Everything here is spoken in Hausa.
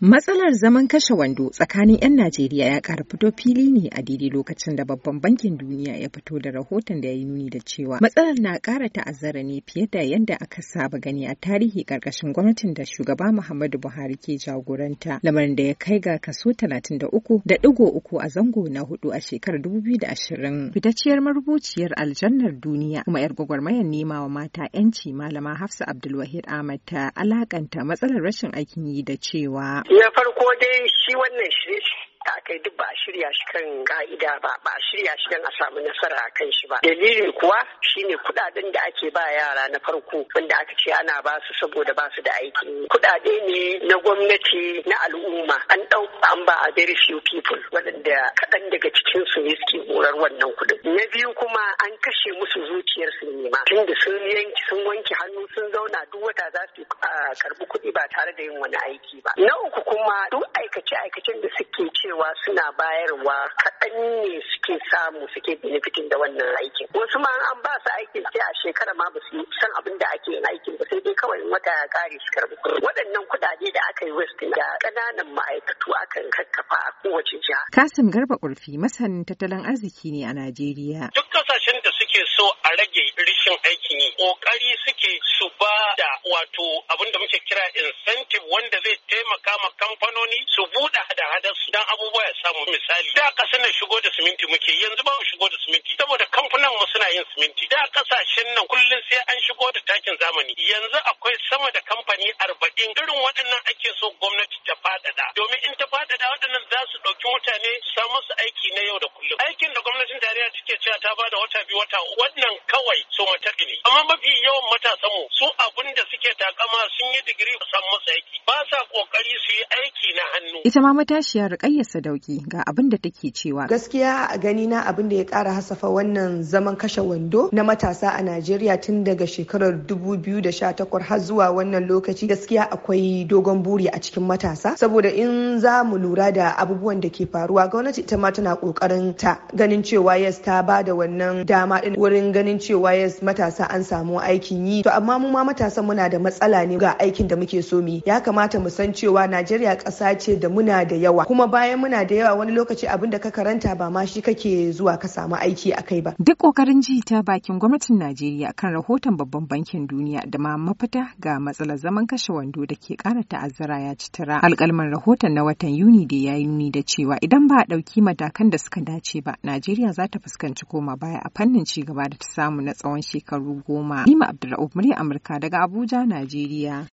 Matsalar zaman kashe wando tsakanin 'yan Najeriya ya ƙara fito fili ne a daidai lokacin da Babban Bankin Duniya ya fito da rahoton da ya yi nuni da cewa matsalar na ƙara ta'azzara ne fiye da yadda aka saba gani a tarihi ƙarƙashin gwamnatin da shugaba Muhammadu Buhari ke jagoranta, lamarin da ya kai ga kaso 33 da ɗigo uku a zango na hudu a shekarar 2020. Fitacciyar marubuciyar aljannar duniya kuma 'yar gwagwarmayar nema wa mata 'yanci malama Hafsa Abdulwahid Ahmad ta alaƙanta matsalar rashin aikin yi da cewa Na farko dai shi wannan shirye da kai duk ba shirya shi kan ka'ida ba ba a shirya shi don a samu nasara a kan shi ba dalilin kuwa shine kudaden da ake ba yara na farko wanda aka ce ana ba su saboda ba su da aiki kudade ne na gwamnati na al'umma an dau an ba a very few people waɗanda kaɗan daga cikin su ne suke horar wannan kuɗin na biyu kuma an kashe musu zuciyar su ne ma tunda sun yanki sun wanke hannu sun zauna duk wata za su ah, karbi kuɗi ba tare da yin wani aiki ba na uku kuma duk aikace aikacen da suke cewa cewa suna bayarwa kaɗan ne suke samu suke benefitin da wannan aikin wasu ma an ba su aikin sai a shekara ma ba su yi san abin da ake yin aikin ba sai dai kawai wata ya kare su karɓi waɗannan kuɗaɗe da aka yi west da ƙananan ma'aikatu akan kakkafa a kowace jiha. kasim garba ƙurfi masanin tattalin arziki ne a najeriya duk kasashen da suke so a rage rishin aikin yi. kokari suke su ba da wato abin da muke kira incentive wanda zai taimaka ma kamfanoni su buɗe hada-hadar su dan abubuwa ya samu misali da ƙasa na shigo da siminti muke yanzu ba mu shigo da siminti saboda kamfanin mu suna yin siminti da ƙasashen nan kullum sai an shigo da takin zamani yanzu akwai sama da kamfani arba'in irin waɗannan ake so gwamnati ta faɗaɗa domin in ta faɗaɗa waɗannan za su ɗauki mutane su samu su aiki na yau da kullum aikin da gwamnatin tarayya take cewa ta bada wata biyu wata wannan kawai so mataki ne amma mafi yawan matasanmu su abin da suke takama sun yi digiri san musu aiki ba sa kokari su yi aiki na hannu. Ita ma matashiyar Rukayya Sadauki ga abin da take cewa. Gaskiya a gani na abin da ya kara hasafa wannan zaman kashe wando na matasa a Najeriya tun daga shekarar 2018 har zuwa wannan lokaci gaskiya akwai dogon buri a cikin matasa saboda in za mu lura da abubuwan da ke faruwa gwamnati ita ma tana kokarin ta ganin cewa yes ta ba da wannan dama din wurin ganin cewa yes matasa an samu samu aikin yi to amma mu ma matasan muna da matsala ne ga aikin da muke so mu ya kamata mu san cewa Najeriya ƙasa ce da muna da yawa kuma bayan muna da yawa wani lokaci abin da ka karanta ba ma shi kake zuwa ka samu aiki a kai ba duk kokarin ji ta bakin gwamnatin Najeriya kan rahoton babban bankin duniya da ma mafita ga matsalar zaman kashe wando da ke ƙara ta'azzara ya ci tara alƙalman rahoton na watan Yuni da ya yi nuni da cewa idan ba a ɗauki matakan da suka dace ba Najeriya za ta fuskanci koma baya a fannin ci gaba da ta samu na tsawon shekaru goma Lima Nima Umar murya Amurka daga Abuja, Najeriya.